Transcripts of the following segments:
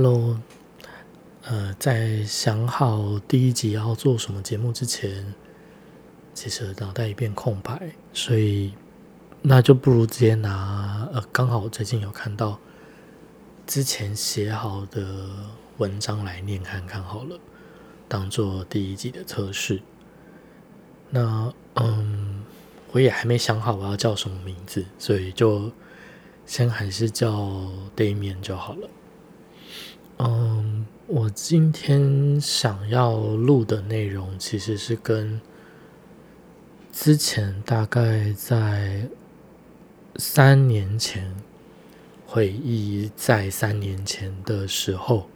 Hello，呃，在想好第一集要做什麼節目之前，其實腦袋一片空白，所以那就不如直接拿呃，剛好最近有看到之前寫好的文章來念看看好了，當做第一集的測試。那嗯，我也還沒想好我要叫什麼名字，所以就先還是叫 Damien 就好了。嗯，我今天想要錄的內容其實是跟之前大概在三年前回憶，在三年前的時候，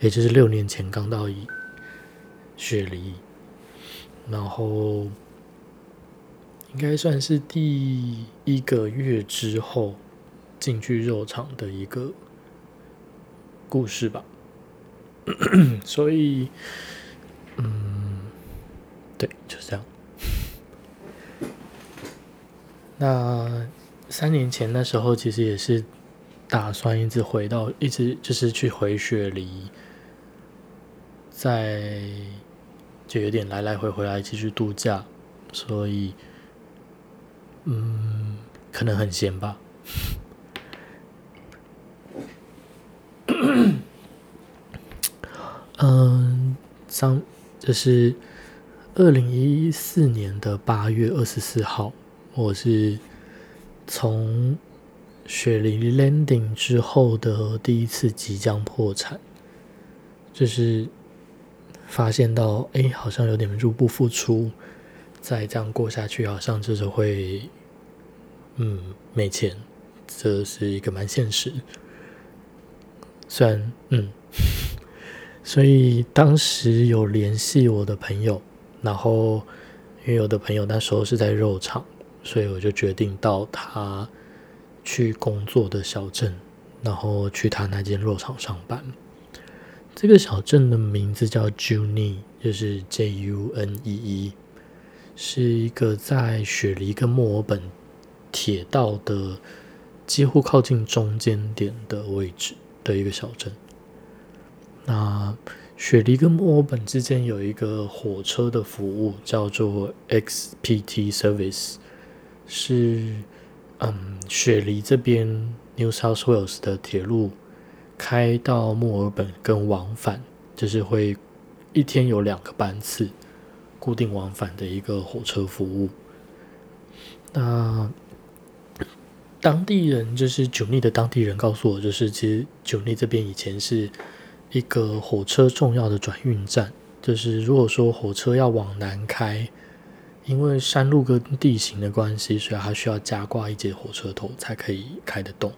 也就是六年前剛到雪梨，然後應該算是第一個月之後進去肉場的一個。故事吧， 所以，嗯，對，就這樣。那三年前那時候，其實也是打算一直回到，一直就是去回雪梨，在就有點來來回回來繼續度假，所以，嗯，可能很閒吧。嗯，上就是二零一四年的八月二十四號，我是從雪梨 landing 之後的第一次即將破產，就是發現到哎、欸，好像有點入不敷出，再這樣過下去，好像就是會嗯沒錢，這是一個蠻現實，雖然嗯。所以當時有聯繫我的朋友，然後因為我的朋友那時候是在肉廠，所以我就決定到他去工作的小鎮，然後去他那間肉廠上班。這個小鎮的名字叫 Junee，就是 J U N E E，是一個在雪梨跟墨爾本鐵道的幾乎靠近中間點的位置的一個小鎮。那雪梨跟墨爾本之間有一個火車的服務，叫做 XPT Service，是嗯雪梨這邊 New South Wales 的鐵路開到墨爾本跟往返，就是會一天有兩個班次，固定往返的一個火車服務。那當地人就是 Junee 的當地人告訴我，就是其實 Junee 這邊以前是。一個火車重要的轉運站，就是如果說火車要往南開，因為山路跟地形的關係，所以它需要加掛一節火車頭才可以開得動。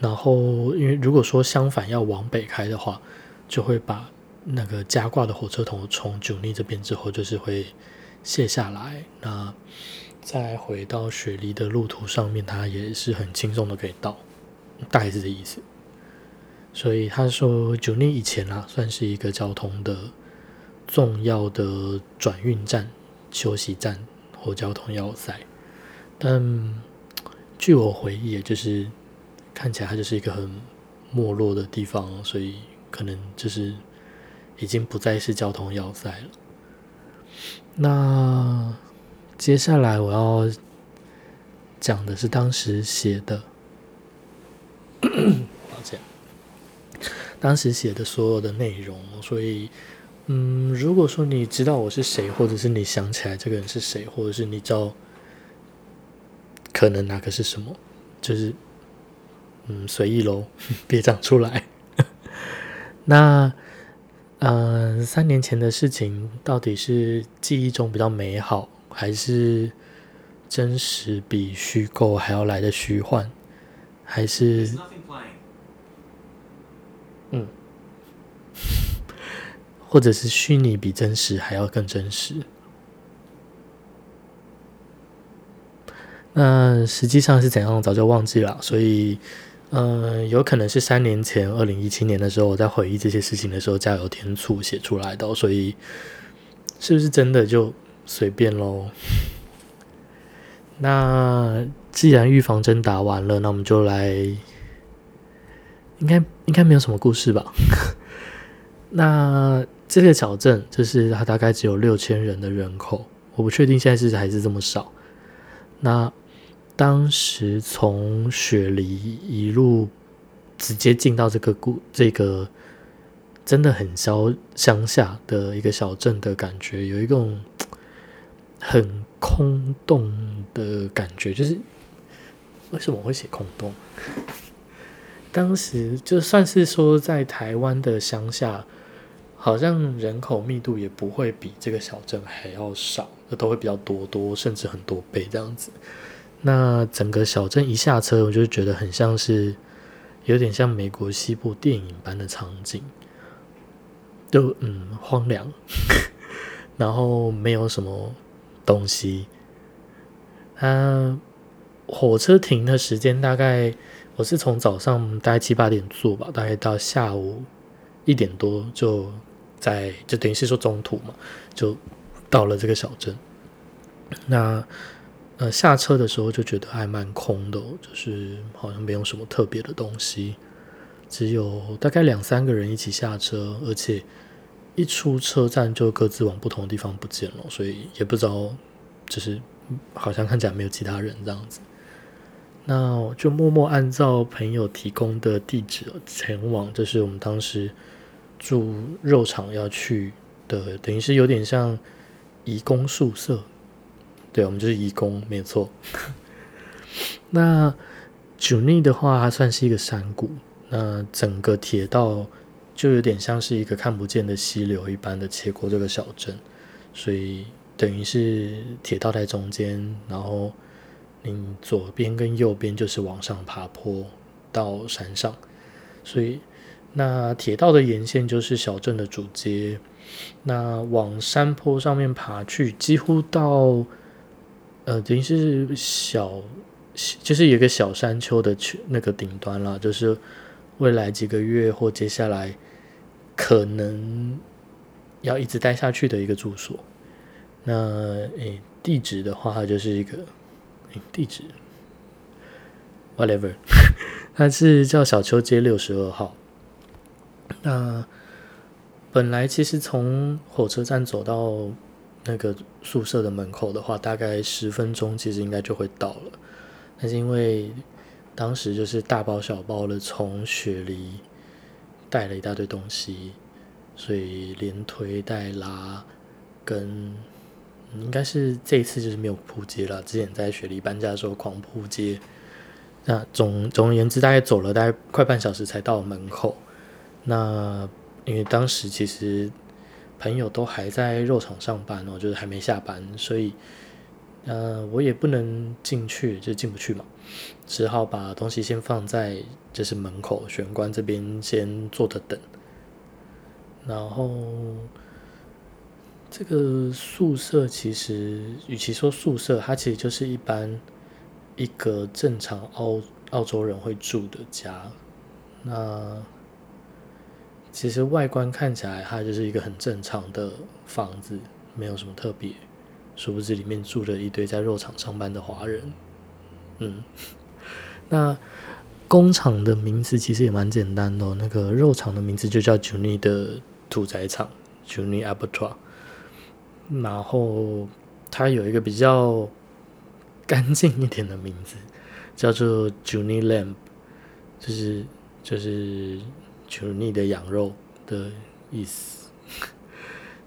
然後，因為如果說相反要往北開的話，就會把那個加掛的火車頭從 Junee 這邊之後就是會卸下來。那再回到雪梨的路途上面，它也是很輕鬆的可以到，大概是這意思。所以他說，九年以前啦、啊，算是一個交通的重要的轉運站、休息站或交通要塞。但據我回憶，就是看起來它就是一個很沒落的地方，所以可能就是已經不再是交通要塞了。那接下來我要講的是當時寫的。 當時寫的所有的內容，所以，嗯，如果說你知道我是誰，或者是你想起來這個人是誰，或者是你知道可能哪個是什麼，就是，嗯，隨意嘍，別講出來。 那，嗯、呃，三年前的事情到底是記憶中比較美好，還是真實比虛構還要來得虛幻，還是？嗯，或者是虛擬比真實還要更真實。那實際上是怎樣？早就忘記了，所以，呃，有可能是三年前，二零一七年的時候，我在回憶這些事情的時候，加油添醋寫出來的。所以，是不是真的就隨便嘍？那既然預防針打完了，那我們就來。應該應該沒有什麼故事吧？ 那這個小鎮就是它大概只有六千人的人口，我不確定現在是還是這麼少。那當時從雪梨一路直接進到這個故這個真的很郊鄉，鄉下的一個小鎮的感覺，有一種很空洞的感覺，就是為什麼我會寫空洞？當時就算是說在台灣的鄉下，好像人口密度也不會比這個小鎮還要少，都會比較多多，甚至很多倍這樣子。那整個小鎮一下車，我就覺得很像是有點像美國西部電影般的場景，就嗯荒涼， 然後沒有什麼東西。它、啊、火車停的時間大概。我是從早上大概七八點坐吧，大概到下午一點多就在，就等於是說中途嘛，就到了這個小鎮。那呃下車的時候就覺得還蠻空的，哦，就是好像沒有什麼特別的東西，只有大概兩三個人一起下車，而且一出車站就各自往不同的地方不見了，所以也不知道，就是好像看起來沒有其他人這樣子。那就默默按照朋友提供的地址前往，這、就是我們當時住肉廠要去的，等於是有點像移工宿舍。對，我們就是移工，沒錯。 那 Junee 的話，它算是一個山谷。那整個鐵道就有點像是一個看不見的溪流一般的切過這個小鎮，所以等於是鐵道在中間，然後。你左邊跟右邊就是往上爬坡到山上，所以那鐵道的沿線就是小鎮的主街。那往山坡上面爬去，幾乎到呃，等、就、於是小，就是一個小山丘的去那個頂端了。就是未來幾個月或接下來可能要一直待下去的一個住所。那誒、欸，地址的話，它就是一個。地址，whatever， 它是叫小丘街六十二號。那本來其實從火車站走到那個宿舍的門口的話，大概十分鐘其實應該就會到了。但是因為當時就是大包小包的從雪梨帶了一大堆東西，所以連推帶拉跟。應該是這一次就是沒有撲街了。之前在雪梨搬家的時候狂撲街，那總總而言之，大概走了大概快半小時才到門口。那因為當時其實朋友都還在肉廠上班哦，就是還沒下班，所以嗯、呃、我也不能進去，就進不去嘛，只好把東西先放在就是門口玄關這邊先坐着等，然後。這個宿舍其實，與其說宿舍，它其實就是一般一個正常澳澳洲人會住的家。那其實外觀看起來，它就是一個很正常的房子，沒有什麼特別。殊不知裡面住着一堆在肉廠上班的華人。嗯，那工廠的名字其實也蠻簡單的哦，那個肉廠的名字就叫 Junie 的屠宰場，Junie Abattoir 然後它有一個比較乾淨一點的名字，叫做 “Junie Lamb”，就是就是 “Junie” 的羊肉的意思。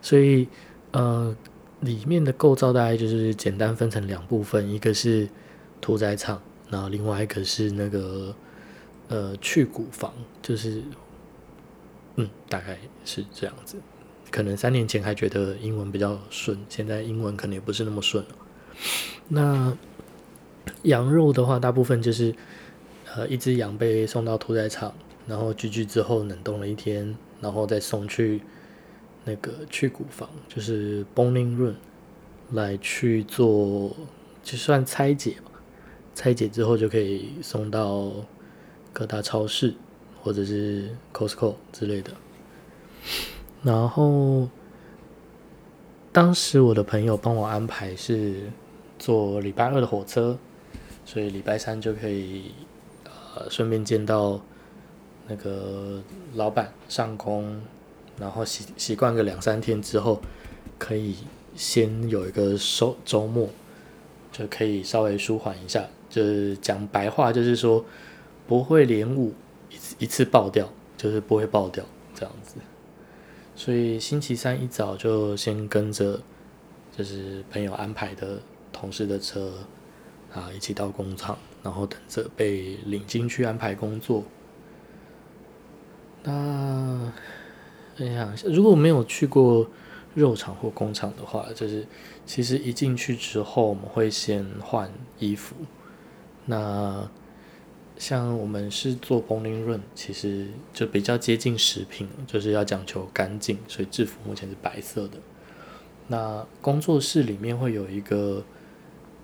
所以呃，裡面的構造大概就是簡單分成兩部分，一個是屠宰場，然後另外一個是那個呃去骨房，就是嗯，大概是這樣子。可能三年前還覺得英文比較順，現在英文可能也不是那麼順了啊。那羊肉的話，大部分就是呃，一隻羊被送到屠宰場，然後聚居之後冷凍了一天，然後再送去那個去骨房，就是 boning room 來去做，就算拆解吧。拆解之後就可以送到各大超市或者是 Costco 之類的。然後，當時我的朋友幫我安排是坐禮拜二的火車，所以禮拜三就可以呃順便見到那個老板上工，然後習習慣個兩三天之後，可以先有一個收周末，就可以稍微舒緩一下。就是講白話，就是說不會連五一一次爆掉，就是不會爆掉這樣子。所以星期三一早就先跟着，就是朋友安排的同事的車，啊，一起到工廠，然後等着被領進去安排工作。那，哎呀如果沒有去過肉廠或工廠的話，就是其實一進去之後，我們會先換衣服。那像我們是做 boning room，其實就比較接近食品，就是要講求乾淨，所以制服目前是白色的。那工作室裡面會有一個，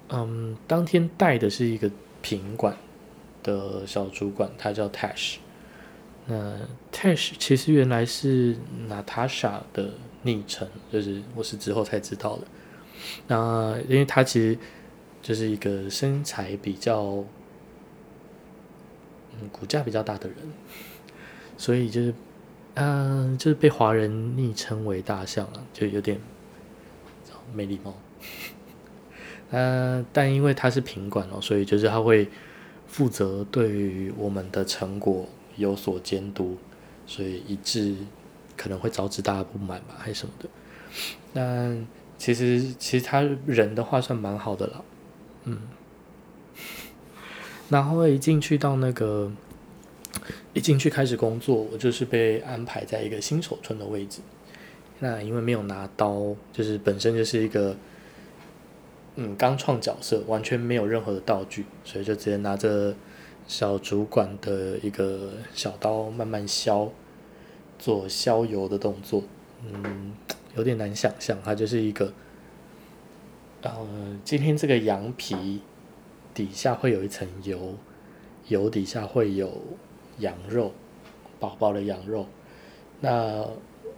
嗯，當天帶的是一個品管的小主管，他叫 Tash。那 Tash 其實原來是 Natasha 的昵稱，就是我是之後才知道的。那因為他其實就是一個身材比較。骨架比較大的人，所以就是，嗯、呃，就是被華人昵稱為大象了，就有點，沒禮貌。嗯、呃，但因為他是品管哦、喔，所以就是他會負責對於我們的成果有所監督，所以一致可能會招致大家不滿吧，還是什麼的。那其實，其實他人的話算蠻好的了，嗯。然後一進去到那個，一進去開始工作，我就是被安排在一個新手村的位置。那因為沒有拿刀，就是本身就是一個，嗯，剛創角色，完全沒有任何的道具，所以就直接拿着小主管的一個小刀慢慢削，做削油的動作。嗯，有點難想象，它就是一個，然後，呃，今天這個羊皮。底下會有一層油，油底下會有羊肉，薄薄的羊肉。那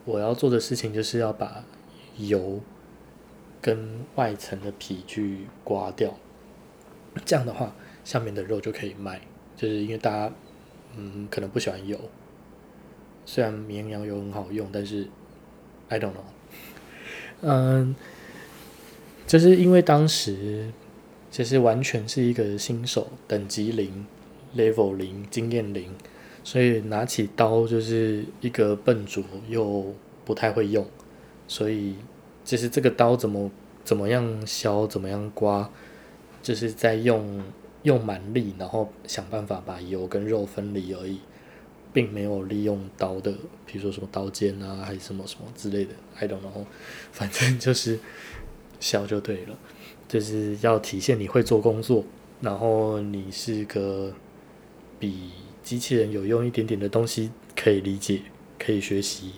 我要做的事情就是要把油跟外層的皮去刮掉。這樣的話，下面的肉就可以賣。就是因為大家，嗯，可能不喜歡油。雖然綿羊油很好用，但是 I don't know。嗯，就是因為當時。其實完全是一個新手，等級零，level 零，經驗零，所以拿起刀就是一個笨拙又不太會用，所以其實這個刀怎麼怎麼樣削，怎麼樣刮，就是在用用蠻力，然後想辦法把油跟肉分離而已，並沒有利用刀的，比如說什麼刀尖啊，還是什麼什麼之類的，I don't know，反正就是削就對了。就是要體現你會做工作，然後你是個比機器人有用一點點的東西，可以理解，可以學習，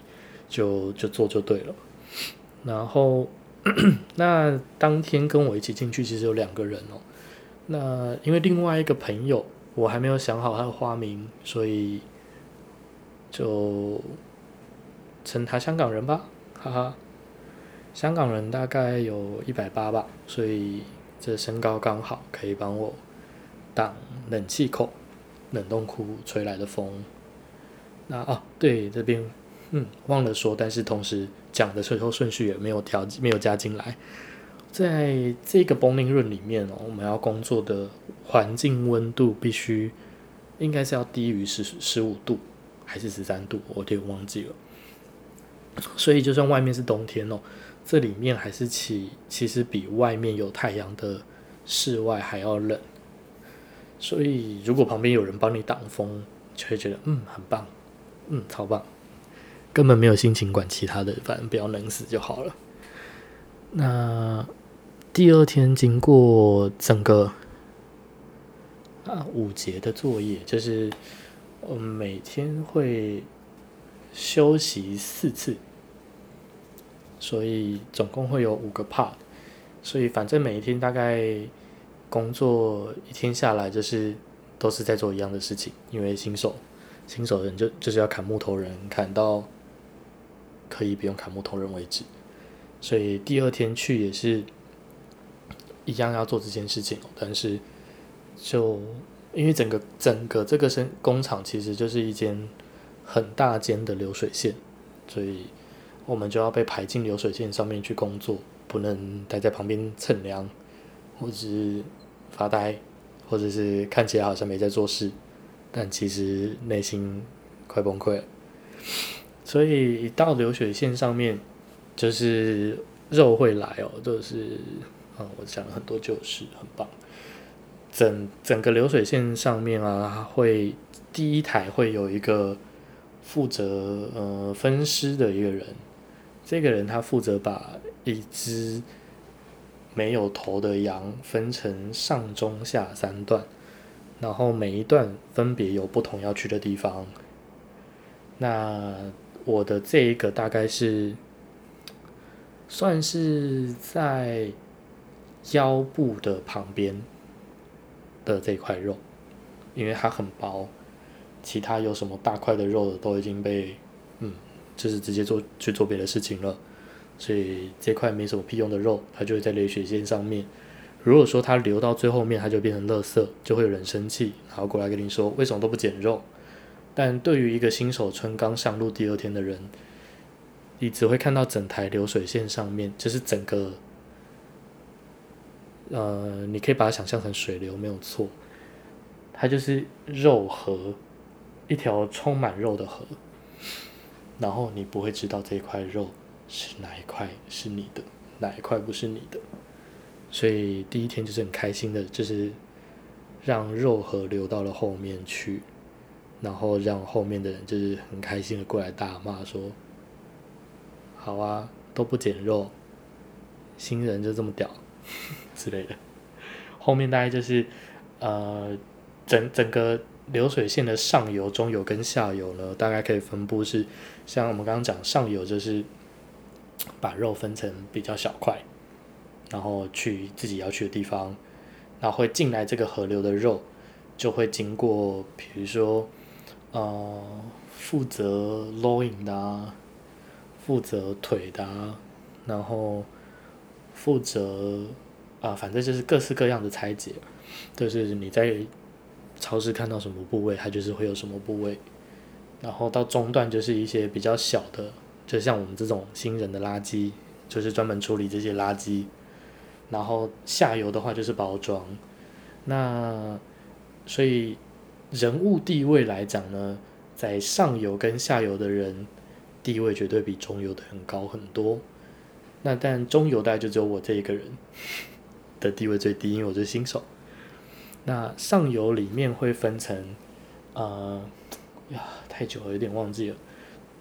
就就做就對了。然後 那當天跟我一起進去，其實有兩個人哦、喔。那因為另外一個朋友，我還沒有想好他的花名，所以就稱他香港人吧，哈哈。香港人大概有一百八吧，所以這身高剛好可以幫我擋冷氣口、冷凍庫吹來的風。那啊，對這邊，嗯，忘了說，但是同時講的最後順序也沒有調，沒有加進來。在這個 boning room 裡面哦，我們要工作的環境溫度必須應該是要低於十十五度還是十三度，我有點忘記了。所以就算外面是冬天哦。這裡面還是其其實比外面有太陽的室外還要冷，所以如果旁邊有人幫你擋風，就會覺得嗯很棒，嗯，超棒，根本沒有心情管其他的，反正不要冷死就好了。那第二天經過整個啊，五節的作業，就是嗯每天會休息四次。所以總共會有五個 part，所以反正每一天大概工作一天下來就是都是在做一樣的事情，因為新手，新手人就就是要砍木頭人，砍到可以不用砍木頭人為止。所以第二天去也是一樣要做這件事情哦，但是就因為整個整個這個生工廠其實就是一間很大間的流水線，所以。我們就要被排進流水線上面去工作，不能待在旁邊乘涼，或者是發呆，或者是看起來好像沒在做事，但其實內心快崩潰了。所以到流水線上面，就是肉會來哦，就是，嗯，我講了很多舊事，很棒。整整個流水線上面啊，會第一台會有一個負責呃分屍的一個人。這個人他負責把一隻沒有頭的羊分成上中下三段，然後每一段分別有不同要去的地方。那我的這一個大概是算是在腰部的旁邊的這塊肉，因為它很薄，其他有什麼大塊的肉的都已經被。就是直接做去做別的事情了，所以這塊沒什麼屁用的肉，它就會在流水線上面。如果說它流到最後面，它就變成垃圾，就會有人生氣，然後過來跟你說，為什麼都不撿肉？但對於一個新手村剛上路第二天的人，你只會看到整台流水線上面，就是整個，呃，你可以把它想象成水流沒有錯，它就是肉河，一條充滿肉的河。然後你不會知道這塊肉是哪一塊是你的，哪一塊不是你的。所以第一天就是很開心的，就是讓肉盒流到了後面去，然後讓後面的人就是很開心的過來大罵說：“好啊，都不撿肉，新人就這麼屌之類的。”後面大概就是呃，整整個。流水線的上游、中游跟下游呢，大概可以分布是，像我們剛剛講上游就是把肉分成比較小塊，然後去自己要去的地方，然後會進來這個河流的肉就會經過，比如說呃負責 loin 的、啊，負責腿的、啊，然後負責啊反正就是各式各樣的拆解，就是你在超市看到什麼部位，它就是會有什麼部位。然後到中段就是一些比較小的，就像我們這種新人的垃圾，就是專門處理這些垃圾。然後下游的話就是包裝。那所以人物地位來講呢，在上游跟下游的人地位絕對比中游的人高很多。那但中游大概就只有我這一個人的地位最低，因為我最新手。那上游裡面會分成，呃，呀，太久了，有點忘記了。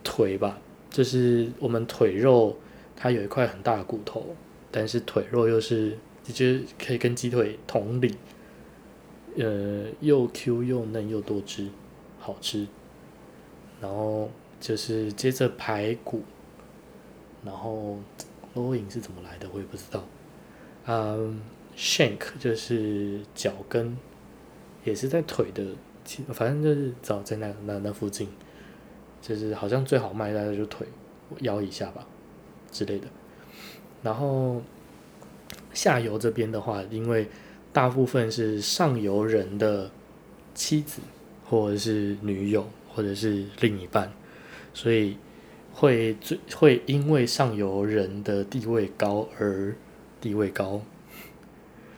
腿吧，就是我們腿肉，它有一塊很大的骨頭，但是腿肉又是，就是可以跟雞腿同理，呃，又 Q 又嫩又多汁，好吃。然後就是接着排骨，然後 loin 是怎麼來的，我也不知道，嗯、呃。Shank 就是腳跟，也是在腿的，反正就是早在那那那附近，就是好像最好賣的就是腿，搖一下吧之類的。然後下游這邊的話，因為大部分是上游人的妻子或者是女友或者是另一半，所以會最會因為上游人的地位高而地位高。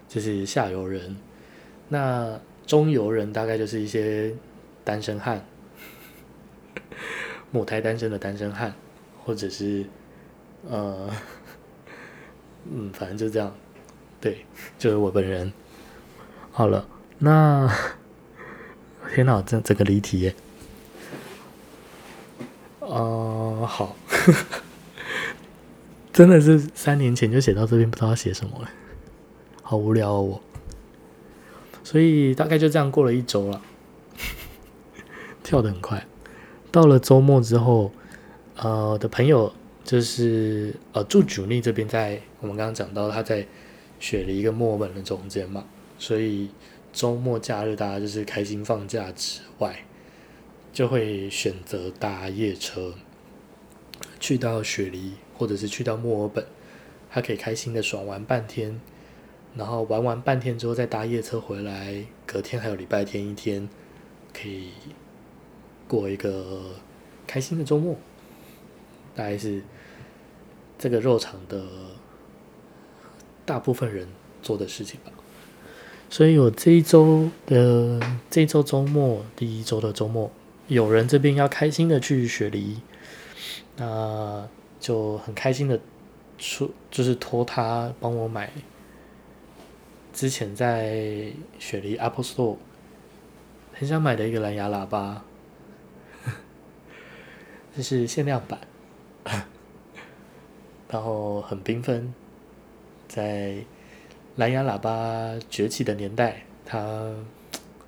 就是下游人，那中游人大概就是一些單身漢，母胎單身的單身漢，或者是呃，嗯，反正就這樣。對，就是我本人。好了，那天哪，這這個離題耶。哦、呃，好， 真的是三年前就寫到這邊，不知道要寫什麼了。好無聊哦，所以大概就這樣過了一周了，跳得很快。到了周末之後，呃，我的朋友就是呃住 Junee 這邊，在我們剛剛講到他在雪梨跟墨爾本的中間嘛，所以周末假日大家就是開心放假之外，就會選擇搭夜車去到雪梨，或者是去到墨爾本，他可以開心的爽玩半天。然後玩完半天之後，再搭夜車回來，隔天還有禮拜天一天，可以過一個開心的周末，大概是這個肉廠的大部分人做的事情吧。所以我這一周的這一周周末，第一周的周末，有人這邊要開心的去雪梨，那就很開心的出，就是托他幫我買。之前在雪梨 Apple Store 很想買的一個藍牙喇叭， 這是限量版， 然後很繽紛。在藍牙喇叭崛起的年代，它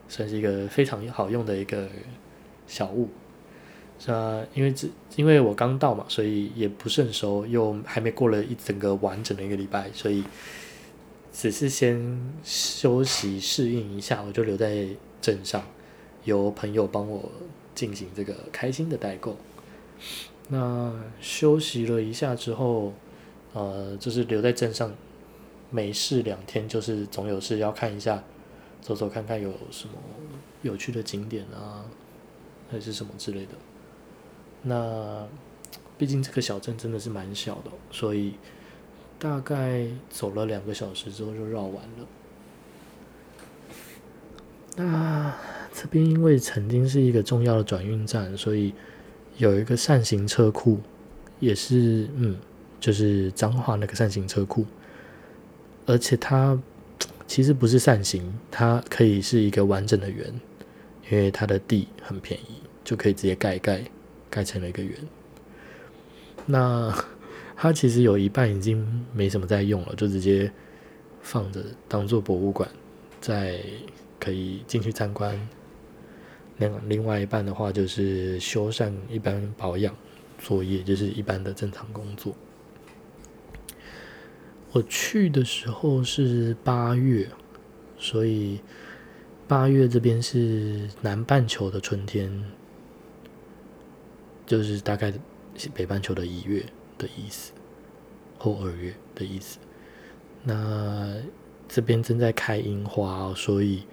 算是一個非常好用的一個小物。是啊，因為只因為我剛到嘛，所以也不是很熟，又還沒過了一整個完整的一個禮拜，所以。只是先休息適應一下，我就留在鎮上，由朋友幫我進行這個開心的代購。那休息了一下之後，呃，就是留在鎮上沒事兩天，就是總有事要看一下，走走看看有什麼有趣的景點啊，還是什麼之類的。那畢竟這個小鎮真的是蠻小的，所以。大概走了兩個小時之後就繞完了。那這邊因為曾經是一個重要的轉運站，所以有一個扇形車庫，也是嗯，就是彰化那個扇形車庫。而且它其實不是扇形，它可以是一個完整的圓，因為它的地很便宜，就可以直接蓋一蓋蓋成了一個圓。那。它其實有一半已經沒什麼在用了，就直接放着當做博物館，再可以進去參觀。那另外一半的話，就是修繕、一般保養作業，就是一般的正常工作。我去的時候是八月，所以八月這邊是南半球的春天，就是大概北半球的一月。的意思，後二月的意思。那這邊正在開櫻花哦，所以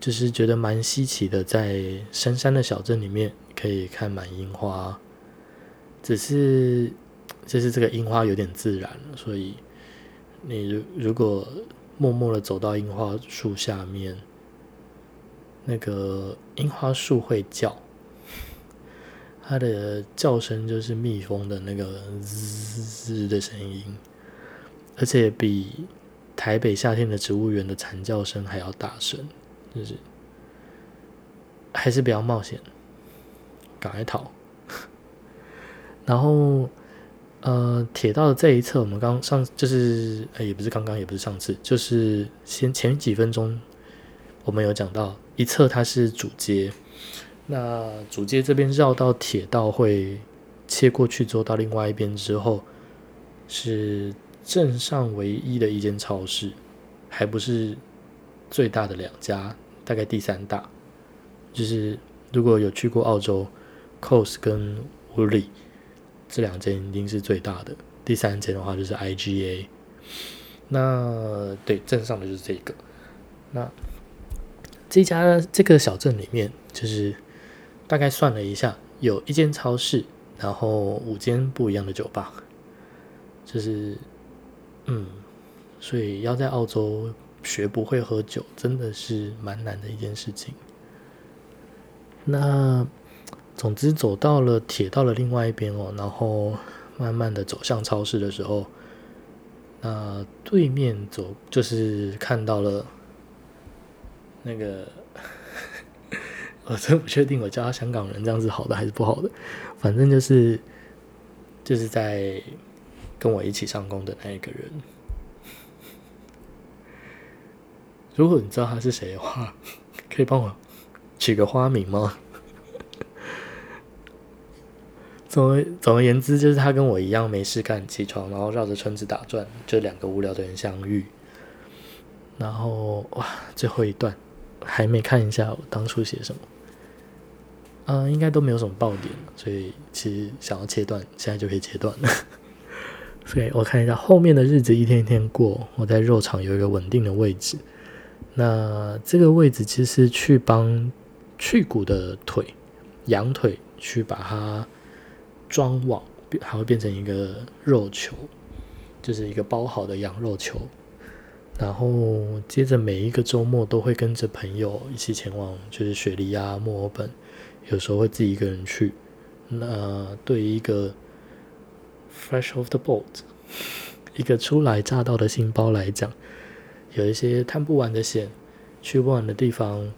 就是覺得蠻稀奇的，在深山的小鎮裡面可以看滿櫻花。只是，就是這個櫻花有點自然，所以你如如果默默的走到櫻花樹下面，那個櫻花樹會叫。它的叫聲就是蜜蜂的那個“滋滋”的聲音，而且比台北夏天的植物園的蟬叫聲還要大聲，就是還是比較冒險，趕快逃。然後，呃，鐵道的這一側，我們剛上就是、欸，也不是剛剛，也不是上次，就是先前幾分鐘，我們有講到一側它是主街。那主街這邊繞到鐵道會切過去，走到另外一邊之後，是鎮上唯一的一間超市，還不是最大的兩家，大概第三大。就是如果有去過澳洲，Coles 跟 Woolie 這兩間一定是最大的，第三間的話就是 IGA。那對鎮上的就是這個。那這家呢，這個小鎮裡面就是。大概算了一下，有一間超市，然後五間不一樣的酒吧，就是，嗯，所以要在澳洲學不會喝酒，真的是蠻難的一件事情。那總之走到了鐵道的另外一邊哦，然後慢慢的走向超市的時候，那對面走就是看到了那個。我真不確定我叫他香港人這樣子好的還是不好的，反正就是就是在跟我一起上工的那一個人。如果你知道他是誰的話，可以幫我取個花名嗎？總而總而言之，就是他跟我一樣沒事幹，起床然後繞着村子打轉，就兩個無聊的人相遇。然後哇，最後一段。還沒看一下我當初寫什麼，呃，應該都沒有什麼爆點，所以其實想要切斷，現在就可以切斷了。所以我看一下後面的日子一天一天過，我在肉場有一個穩定的位置。那這個位置其實是去幫去骨的腿，羊腿去把它裝網，還會變成一個肉球，就是一個包好的羊肉球。然後接着每一個週末都會跟着朋友一起前往，就是雪梨啊、墨爾本，有時候會自己一個人去。呃，對於一個 fresh off the boat，一個初來乍到的新包來講，有一些探不完的險，去不完的地方。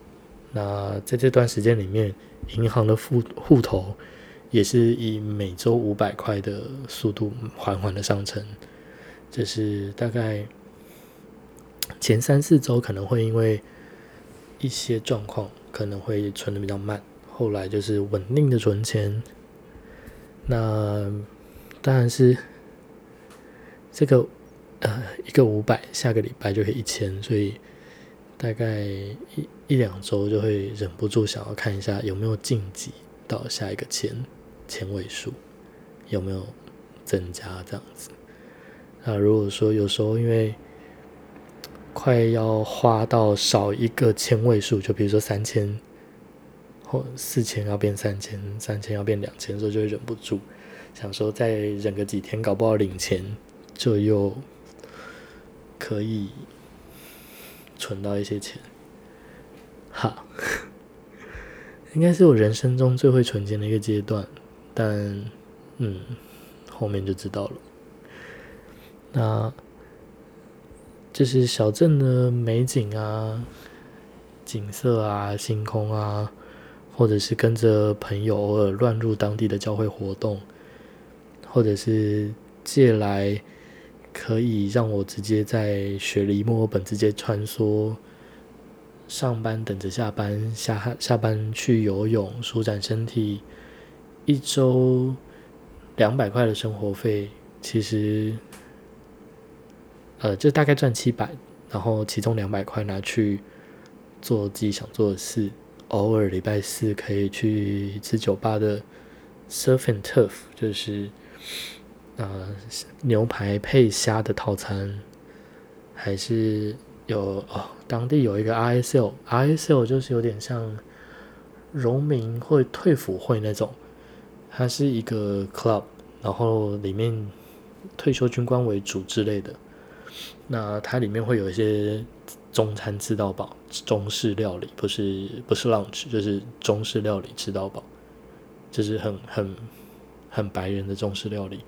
那在這段時間裡面，銀行的戶戶頭也是以每周五百塊的速度緩緩的上升，這，就是大概。前三四周可能會因為一些狀況，可能會存的比較慢，後來就是穩定的存錢。那當然是這個呃一個五百，下個禮拜就可以一千，所以大概一一兩周就會忍不住想要看一下有沒有晉級到下一個千千位數，有沒有增加這樣子。那如果說有時候因為快要花到少一個千位數，就比如說三千或，哦、四千要變三千，三千要變兩千，所以就會忍不住想說再忍個幾天，搞不好領錢就又可以存到一些錢。哈， 應該是我人生中最會存錢的一個階段，但嗯，後面就知道了。那。就是小鎮的美景啊，景色啊，星空啊，或者是跟着朋友偶爾亂入當地的教會活動，或者是借來可以讓我直接在雪梨、墨爾本直接穿梭。上班等着下班，下下班去游泳，舒展身體。一周兩百塊的生活費，其實。呃，就大概賺七百，然後其中兩百塊拿去做自己想做的事。偶爾禮拜四可以去吃酒吧的 surf and turf，就是啊、呃、牛排配蝦的套餐，還是有哦。當地有一個 RSL，RSL 就是有點像榮民會、退伍會那種，它是一個 club，然後裡面退休軍官為主之類的。那它裡面會有一些中餐吃到飽，中式料理不是不是 lunch，就是中式料理吃到飽，就是很很很白人的中式料理，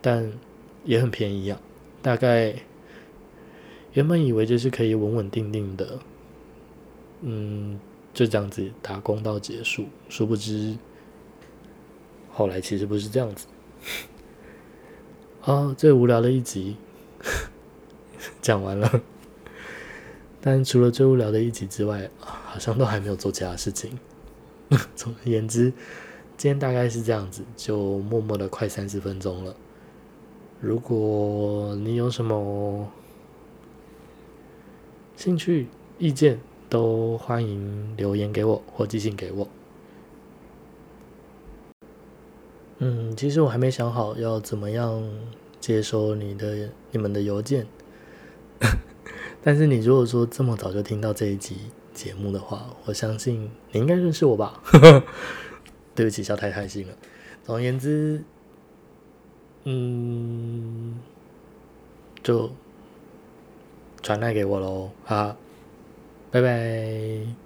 但也很便宜啊，大概原本以為就是可以穩穩定定的，嗯，就這樣子打工到結束，殊不知後來其實不是這樣子啊、哦，最無聊的一集。講完了，但除了最無聊的一集之外，好像都還沒有做其他事情。 總而言之，今天大概是這樣子，就默默的快三十分鐘了。如果你有什麼興趣意見，都歡迎留言給我或寄信給我。嗯，其實我還沒想好要怎麼樣接收你的你們的郵件。 但是你如果說這麼早就聽到這一集節目的話，我相信你應該認識我吧？ 對不起，笑太開心了。總而言之，嗯，就傳達給我嘍。好，拜拜。